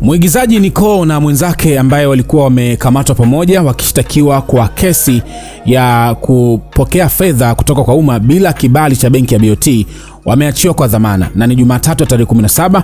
Mwigizaji Nicole na mwenzake ambaye walikuwa wamekamatwa pamoja wakishtakiwa kwa kesi ya kupokea fedha kutoka kwa umma bila kibali cha benki ya BOT wameachiwa kwa dhamana na ni Jumatatu ya tarehe 17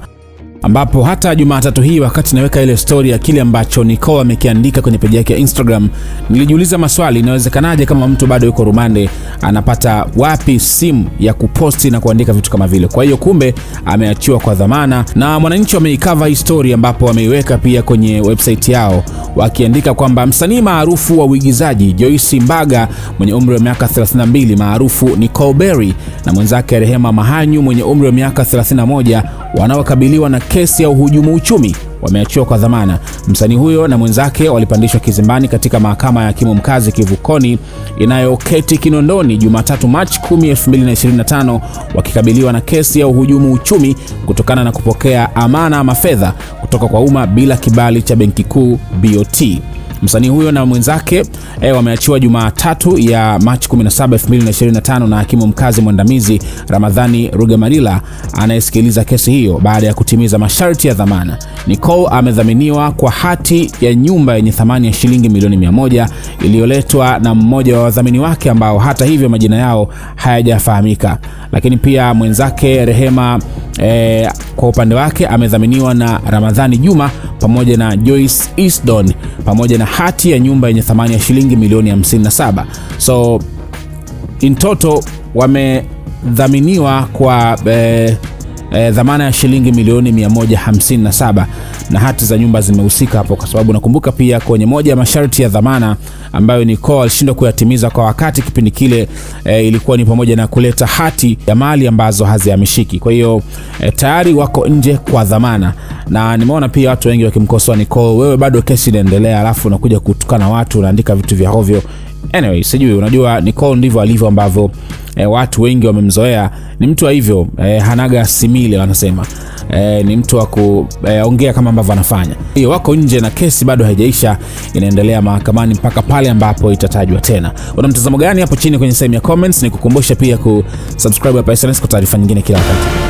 ambapo hata Jumatatu hii wakati naweka ile stori ya kile ambacho Nicole amekiandika kwenye peji yake ya Instagram, nilijiuliza maswali, inawezekanaje kama mtu bado yuko rumande anapata wapi simu ya kuposti na kuandika vitu kama vile? Kwa hiyo kumbe ameachiwa kwa dhamana, na Mwananchi wameikava hii stori, ambapo wameiweka pia kwenye website yao wakiandika kwamba msanii maarufu wa uigizaji Joyce Mbaga mwenye umri wa miaka 32 maarufu Nicole Berry na mwenzake Rehema Mahanyu mwenye umri wa miaka 31 wanaokabiliwa na kesi ya uhujumu uchumi wameachiwa kwa dhamana. Msanii huyo na mwenzake walipandishwa kizimbani katika mahakama ya hakimu mkazi Kivukoni inayoketi Kinondoni Jumatatu Machi 10, 2025 wakikabiliwa na kesi ya uhujumu uchumi kutokana na kupokea amana ama fedha kutoka kwa umma bila kibali cha Benki Kuu BOT. Msanii huyo na mwenzake e, wameachiwa Jumatatu ya Machi 17, 2025 na hakimu mkazi mwandamizi Ramadhani Rugemalila anayesikiliza kesi hiyo baada ya kutimiza masharti ya dhamana. Nicole amedhaminiwa kwa hati ya nyumba yenye thamani ya shilingi milioni 100 iliyoletwa na mmoja wa wadhamini wake ambao hata hivyo majina yao hayajafahamika, lakini pia mwenzake Rehema e, kwa upande wake amedhaminiwa na Ramadhani Juma pamoja na Joyce Eastdon pamoja na hati ya nyumba yenye thamani ya shilingi milioni 57. So in total wamedhaminiwa kwa e, e, dhamana ya shilingi milioni 157 na hati za nyumba zimehusika hapo, kwa sababu nakumbuka pia kwenye moja ya masharti ya dhamana ambayo ni kwa alishindwa kuyatimiza kwa wakati kipindi kile e, ilikuwa ni pamoja na kuleta hati ya mali ambazo hazihamishiki. Kwa hiyo e, tayari wako nje kwa dhamana, na nimeona pia watu wengi wakimkosoa Nicole, wewe bado kesi inaendelea, alafu unakuja kutukana watu, unaandika vitu vya hovyo. Anyway, sijui, unajua Nicole ndivyo alivyo ambavyo e, watu wengi wamemzoea, ni mtu wa hivyo e, hanaga simile wanasema e, ni mtu wa kuongea e, kama ambavyo anafanya. Hiyo wako nje na kesi bado haijaisha, inaendelea mahakamani mpaka pale ambapo itatajwa tena. Una mtazamo gani hapo chini kwenye sehemu ya comments? Nikukumbusha pia kusubscribe hapa SnS kwa taarifa nyingine kila wakati.